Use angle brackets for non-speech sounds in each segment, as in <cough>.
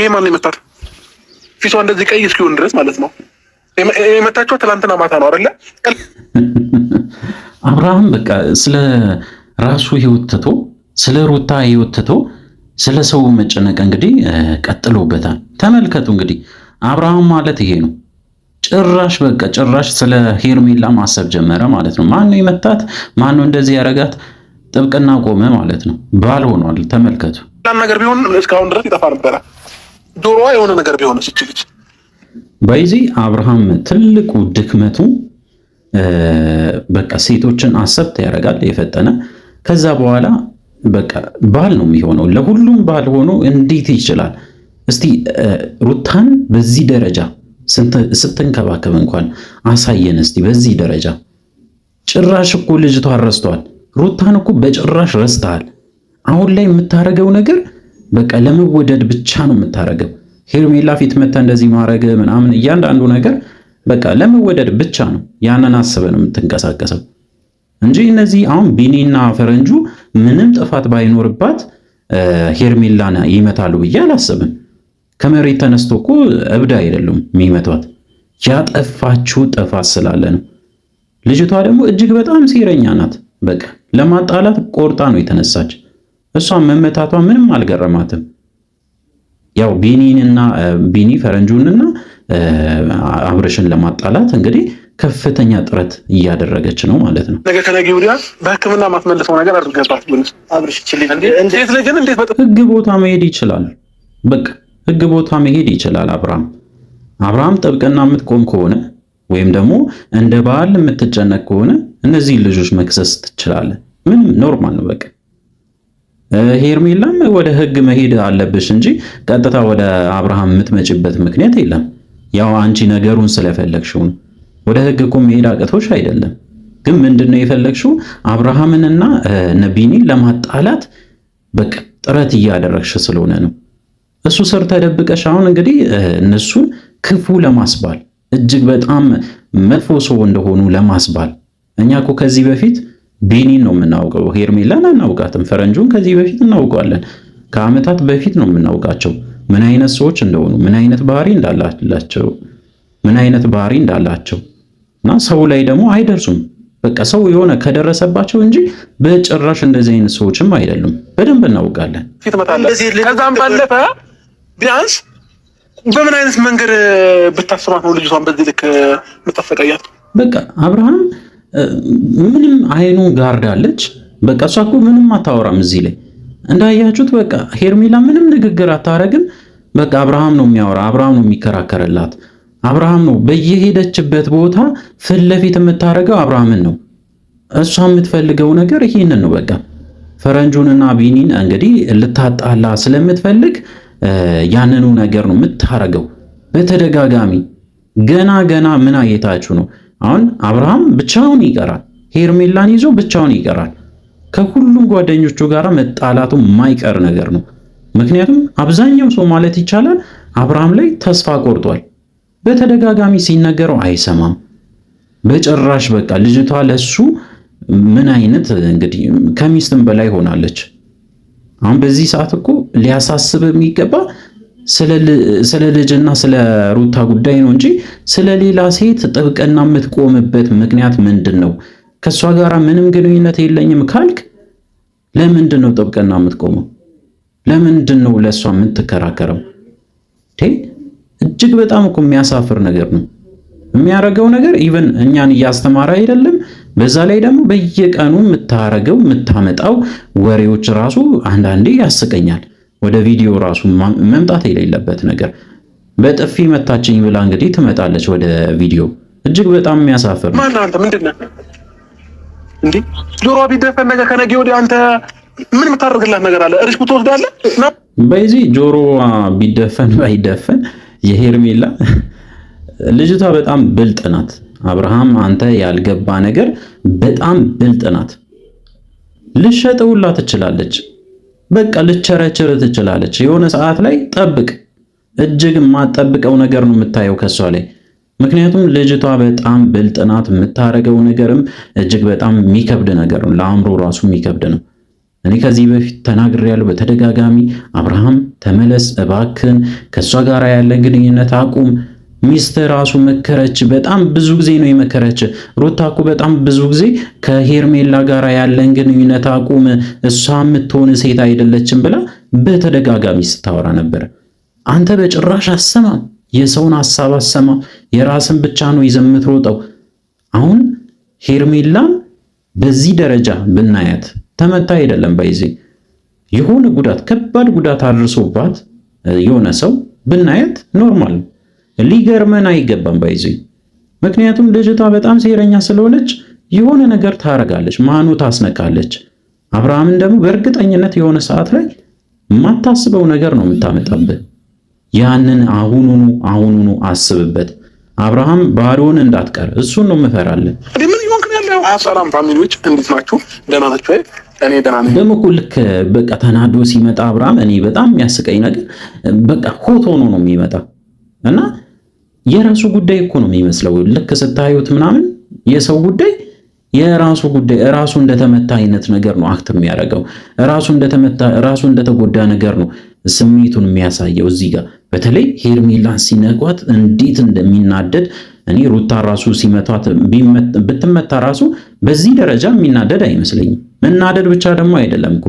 ይሄ ማን ነው የመታት? ፊቷ እንደዚህ ቀይ እስኪሆን ድረስ ማለት ነው የመታቸው ትላንትና ማታ ነው አይደለ? <laughs> አብርሃም በቃ ስለ ራሱ ህይወት ትቶ ስለ ሩታ ህይወት ትቶ ስለ ሰው መጨነቅ እንግዲህ ቀጥሎበታል። ተመልከቱ እንግዲህ አብርሃም ማለት ይሄ ነው። ጭራሽ በቃ ጭራሽ ስለ ሄርሜላ ማሰብ ጀመረ ማለት ነው። ማን ነው የመታት? ማን ነው እንደዚህ ያረጋት? ጥብቅና ቆመ ማለት ነው። ባል ሆኗል። ተመልከቱ። ነገር ቢሆን እስካሁን ድረስ ይጠፋ ነበረ። ዶሮዋ የሆነ ነገር ቢሆነ ስችልች በይዚ አብርሃም ትልቁ ድክመቱ በቃ ሴቶችን አሰብት ያደርጋል የፈጠነ ከዛ በኋላ በቃ ባል ነው የሚሆነው። ለሁሉም ባል ሆኖ እንዴት ይችላል? እስቲ ሩታን በዚህ ደረጃ ስትንከባከብ እንኳን አሳየን እስቲ። በዚህ ደረጃ ጭራሽ እኮ ልጅቷ ረስተዋል። ሩታን እኮ በጭራሽ ረስተሃል። አሁን ላይ የምታደርገው ነገር በቃ ለመወደድ ብቻ ነው የምታደርገው። ሄርሜላ ፊት መታ እንደዚህ ማድረግ ምናምን እያንዳንዱ ነገር በቃ ለመወደድ ብቻ ነው። ያንን አስበ ነው የምትንቀሳቀሰው እንጂ እነዚህ አሁን ቢኒና ፈረንጁ ምንም ጥፋት ባይኖርባት ሄርሜላን ይመታሉ ብዬ አላስብም። ከመሬት ተነስቶ እኮ እብድ አይደሉም የሚመቷት፣ ያጠፋችው ጥፋት ስላለ ነው። ልጅቷ ደግሞ እጅግ በጣም ሴረኛ ናት። በቃ ለማጣላት ቆርጣ ነው የተነሳች። እሷም መመታቷ ምንም አልገረማትም። ያው ቢኒንና ቢኒ ፈረንጁንና አብርሽን ለማጣላት እንግዲህ ከፍተኛ ጥረት እያደረገች ነው ማለት ነው። ነገ ከነገ ወዲያ በሕክምና ማትመልሰው ነገር አድርገባት ሕግ ቦታ መሄድ ይችላል። በቃ ሕግ ቦታ መሄድ ይችላል። አብርሃም አብርሃም ጥብቅና የምትቆም ከሆነ ወይም ደግሞ እንደ ባህል የምትጨነቅ ከሆነ እነዚህን ልጆች መክሰስ ትችላለን። ምንም ኖርማል ነው በቃ ሄርሜላም ወደ ህግ መሄድ አለብሽ እንጂ ቀጥታ ወደ አብርሃም የምትመጭበት ምክንያት የለም። ያው አንቺ ነገሩን ስለፈለግሽው ነው። ወደ ህግ እኮ መሄድ አቅቶሽ አይደለም። ግን ምንድነው ነው የፈለግሽው? አብርሃምንና ነቢኒን ለማጣላት በቃ ጥረት እያደረግሽ ስለሆነ ነው። እሱ ስር ተደብቀሽ አሁን እንግዲህ እነሱን ክፉ ለማስባል እጅግ በጣም መጥፎ ሰው እንደሆኑ ለማስባል እኛ እኮ ከዚህ በፊት ቤኒን ነው የምናውቀው። ሄርሜላን አናውቃትም። ፈረንጁን ከዚህ በፊት እናውቀዋለን። ከአመታት በፊት ነው የምናውቃቸው ምን አይነት ሰዎች እንደሆኑ፣ ምን አይነት ባህሪ እንዳላቸው፣ ምን አይነት ባህሪ እንዳላቸው እና ሰው ላይ ደግሞ አይደርሱም። በቃ ሰው የሆነ ከደረሰባቸው እንጂ በጭራሽ እንደዚህ አይነት ሰዎችም አይደሉም። በደንብ እናውቃለን። ከዛም ባለፈ ቢያንስ በምን አይነት መንገድ ብታስባት ነው ልጅቷን በዚህ ልክ የምታሰቃያት? በቃ አብርሃም ምንም አይኑ ጋርድ አለች። በቃ እሷ እኮ ምንም አታወራም እዚህ ላይ እንዳያችሁት። በቃ ሄርሜላ ምንም ንግግር አታረግም። በቃ አብርሃም ነው የሚያወራ፣ አብርሃም ነው የሚከራከርላት፣ አብርሃም ነው በየሄደችበት ቦታ ፊት ለፊት የምታደርገው አብርሃምን ነው። እሷ የምትፈልገው ነገር ይሄንን ነው። በቃ ፈረንጁንና ቢኒን እንግዲህ ልታጣላ ስለምትፈልግ ያንኑ ነገር ነው የምታረገው በተደጋጋሚ ገና ገና ምን አየታችሁ ነው አሁን አብርሃም ብቻውን ይቀራል። ሄርሜላን ይዞ ብቻውን ይቀራል። ከሁሉም ጓደኞቹ ጋር መጣላቱ የማይቀር ነገር ነው። ምክንያቱም አብዛኛው ሰው ማለት ይቻላል አብርሃም ላይ ተስፋ ቆርጧል። በተደጋጋሚ ሲነገረው አይሰማም በጭራሽ። በቃ ልጅቷ ለሱ ምን አይነት እንግዲህ ከሚስትም በላይ ሆናለች። አሁን በዚህ ሰዓት እኮ ሊያሳስብ የሚገባ ስለ ልጅና ስለ ሩታ ጉዳይ ነው እንጂ ስለ ሌላ ሴት ጥብቅና የምትቆምበት ምክንያት ምንድን ነው? ከእሷ ጋር ምንም ግንኙነት የለኝም ካልክ ለምንድን ነው ጥብቅና የምትቆመው? ለምንድን ነው ለእሷ የምትከራከረው? እጅግ በጣም እኮ የሚያሳፍር ነገር ነው የሚያረገው ነገር። ኢቨን እኛን እያስተማረ አይደለም። በዛ ላይ ደግሞ በየቀኑ የምታረገው የምታመጣው ወሬዎች ራሱ አንዳንዴ ያስቀኛል። ወደ ቪዲዮ ራሱ መምጣት የሌለበት ነገር። በጥፊ መታችኝ ብላ እንግዲህ ትመጣለች ወደ ቪዲዮ። እጅግ በጣም የሚያሳፍር ነው። ማን አንተ ምንድን ነህ እንዴ? ጆሮ ቢደፈን ነገ ከነገ ወዲህ አንተ ምን የምታደርግላት ነገር አለ? ሪስክ ትወስዳለህ። በዚህ ጆሮ ቢደፈን ባይደፈን የሄርሜላ ልጅቷ በጣም ብልጥ ናት። አብርሃም አንተ ያልገባ ነገር በጣም ብልጥ ናት። ልሸጠውላ ትችላለች። በቃ ልቸረችር ትችላለች። የሆነ ሰዓት ላይ ጠብቅ፣ እጅግ የማጠብቀው ነገር ነው የምታየው ከሷ ላይ። ምክንያቱም ልጅቷ በጣም ብልጥ ናት። የምታረገው ነገርም እጅግ በጣም የሚከብድ ነገር ነው፣ ለአእምሮ ራሱ የሚከብድ ነው። እኔ ከዚህ በፊት ያለው በተደጋጋሚ አብርሃም ተመለስ እባክን፣ ከእሷ ጋር ያለ ግንኙነት አቁም ሚስት ራሱ መከረች። በጣም ብዙ ጊዜ ነው የመከረች። ሩታ እኮ በጣም ብዙ ጊዜ ከሄርሜላ ጋር ያለን ግንኙነት አቁም፣ እሷ የምትሆን ሴት አይደለችም ብላ በተደጋጋሚ ስታወራ ነበር። አንተ በጭራሽ አሰማም፣ የሰውን ሀሳብ አሰማም፣ የራስን ብቻ ነው ይዘህ የምትሮጠው። አሁን ሄርሜላም በዚህ ደረጃ ብናያት ተመታ አይደለም ባይዜ የሆነ ጉዳት ከባድ ጉዳት አድርሶባት የሆነ ሰው ብናየት ኖርማል ሊገርመን አይገባም ባይዜ ምክንያቱም ልጅቷ በጣም ሴረኛ ስለሆነች የሆነ ነገር ታረጋለች፣ ማኑ ታስነቃለች። አብርሃምን ደግሞ በእርግጠኝነት የሆነ ሰዓት ላይ የማታስበው ነገር ነው የምታመጣብህ። ያንን አሁኑኑ አሁኑኑ አስብበት። አብርሃም ባዶን እንዳትቀር፣ እሱን ነው የምፈራለን። ሰላም ፋሚሊዎች፣ እንዴት ናችሁ? ደህና ናችሁ? እኔ ደህና ነኝ። ደግሞ እኮ ልክ በቃ ተናዶ ሲመጣ አብርሃም፣ እኔ በጣም የሚያስቀኝ ነገር በቃ ሆት ሆኖ ነው የሚመጣ እና የራሱ ጉዳይ እኮ ነው የሚመስለው። ልክ ስታዩት ምናምን የሰው ጉዳይ የራሱ ጉዳይ ራሱ እንደተመታ አይነት ነገር ነው አክት የሚያደርገው ራሱ እንደተመታ ራሱ እንደተጎዳ ነገር ነው ስሜቱን የሚያሳየው። እዚህ ጋር በተለይ ሄርሜላን ሲነቋት እንዴት እንደሚናደድ እኔ ሩታ ራሱ ሲመቷት ብትመታ ራሱ በዚህ ደረጃ የሚናደድ አይመስለኝም። መናደድ ብቻ ደግሞ አይደለም እኮ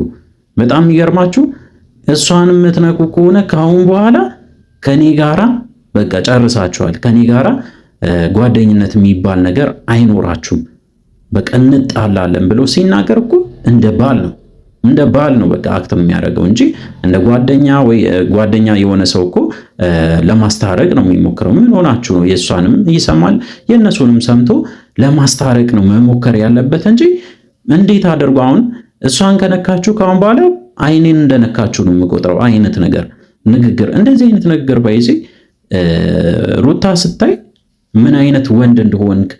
በጣም የሚገርማችሁ እሷን የምትነቁ ከሆነ ከአሁን በኋላ ከኔ ጋራ በቃ ጨርሳችኋል። ከኔ ጋራ ጓደኝነት የሚባል ነገር አይኖራችሁም፣ በቃ እንጣላለን ብሎ ሲናገር እኮ እንደ ባል ነው እንደ ባል ነው በቃ አክት የሚያደርገው እንጂ እንደ ጓደኛ ወይ ጓደኛ የሆነ ሰው እኮ ለማስታረቅ ነው የሚሞክረው። ምን ሆናችሁ ነው? የእሷንም ይሰማል የእነሱንም ሰምቶ ለማስታረቅ ነው መሞከር ያለበት እንጂ እንዴት አድርጎ አሁን እሷን ከነካችሁ ከአሁን በኋላ አይኔን እንደነካችሁ ነው የምቆጥረው አይነት ነገር ንግግር እንደዚህ አይነት ንግግር ባይዜ ሩታ ስታይ ምን አይነት ወንድ እንደሆንክ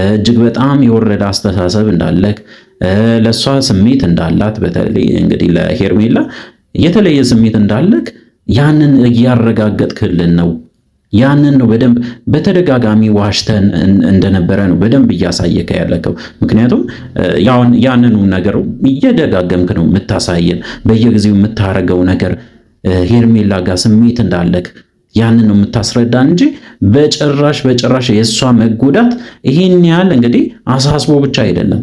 እጅግ በጣም የወረደ አስተሳሰብ እንዳለክ ለእሷ ስሜት እንዳላት በተለይ እንግዲህ ለሄርሜላ የተለየ ስሜት እንዳለክ ያንን እያረጋገጥክልን ነው። ያንን ነው በደንብ በተደጋጋሚ ዋሽተን እንደነበረ ነው በደንብ እያሳየከ ያለከው። ምክንያቱም ያንኑ ነገር እየደጋገምክ ነው የምታሳየን፣ በየጊዜው የምታረገው ነገር ሄርሜላ ጋር ስሜት እንዳለክ ያንን ነው የምታስረዳን እንጂ በጭራሽ በጭራሽ የእሷ መጎዳት ይሄን ያህል እንግዲህ አሳስቦ ብቻ አይደለም።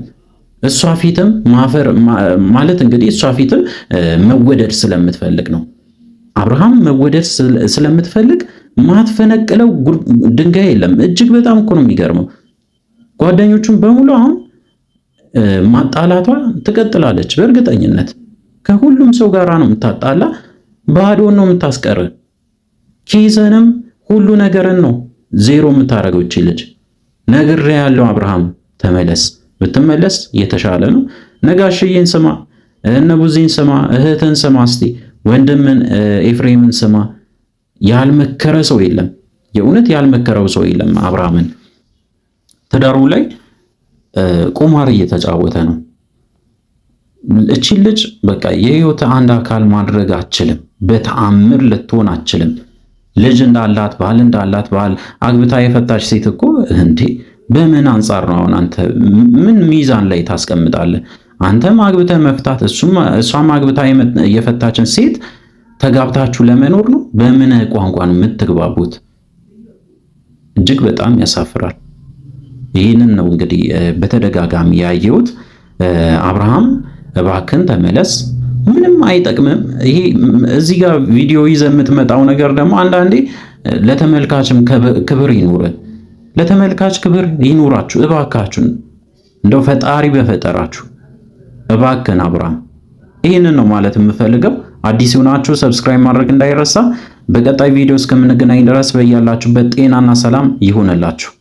እሷ ፊትም ማፈር ማለት እንግዲህ እሷ ፊትም መወደድ ስለምትፈልግ ነው። አብርሃም መወደድ ስለምትፈልግ ማትፈነቅለው ድንጋይ የለም። እጅግ በጣም እኮ ነው የሚገርመው። ጓደኞቹን በሙሉ አሁን ማጣላቷ ትቀጥላለች። በእርግጠኝነት ከሁሉም ሰው ጋራ ነው የምታጣላ፣ ባዶ ነው የምታስቀር። ኪስንም ሁሉ ነገርን ነው ዜሮ የምታደርገው እቺ ልጅ። ነግሬ ያለው አብርሃም ተመለስ፣ ብትመለስ የተሻለ ነው። ነጋሽዬን ስማ፣ እነቡዜን ስማ፣ እህትን ስማ፣ እስቲ ወንድምን ኤፍሬምን ስማ። ያልመከረ ሰው የለም፣ የእውነት ያልመከረው ሰው የለም። አብርሃምን ትዳሩ ላይ ቁማር እየተጫወተ ነው። እቺን ልጅ በቃ የህይወት አንድ አካል ማድረግ አችልም፣ በተአምር ልትሆን አችልም። ልጅ እንዳላት ባል እንዳላት ባል አግብታ የፈታች ሴት እኮ እንዴ በምን አንጻር ነው አሁን አንተ ምን ሚዛን ላይ ታስቀምጣለህ? አንተም አግብተህ መፍታት እሷም አግብታ የፈታችን ሴት ተጋብታችሁ ለመኖር ነው? በምን ቋንቋ የምትግባቡት? እጅግ በጣም ያሳፍራል። ይህንን ነው እንግዲህ በተደጋጋሚ ያየሁት። አብርሃም እባክን ተመለስ ምንም አይጠቅምም። ይሄ እዚህ ጋር ቪዲዮ ይዘህ የምትመጣው ነገር ደግሞ አንዳንዴ ለተመልካችም ክብር ይኑር፣ ለተመልካች ክብር ይኑራችሁ እባካችሁን። እንደው ፈጣሪ በፈጠራችሁ እባክን አብርሃም፣ ይህንን ነው ማለት የምፈልገው። አዲስ ሆናችሁ ሰብስክራይብ ማድረግ እንዳይረሳ። በቀጣይ ቪዲዮ እስከምንገናኝ ድረስ በያላችሁበት ጤናና ሰላም ይሁንላችሁ።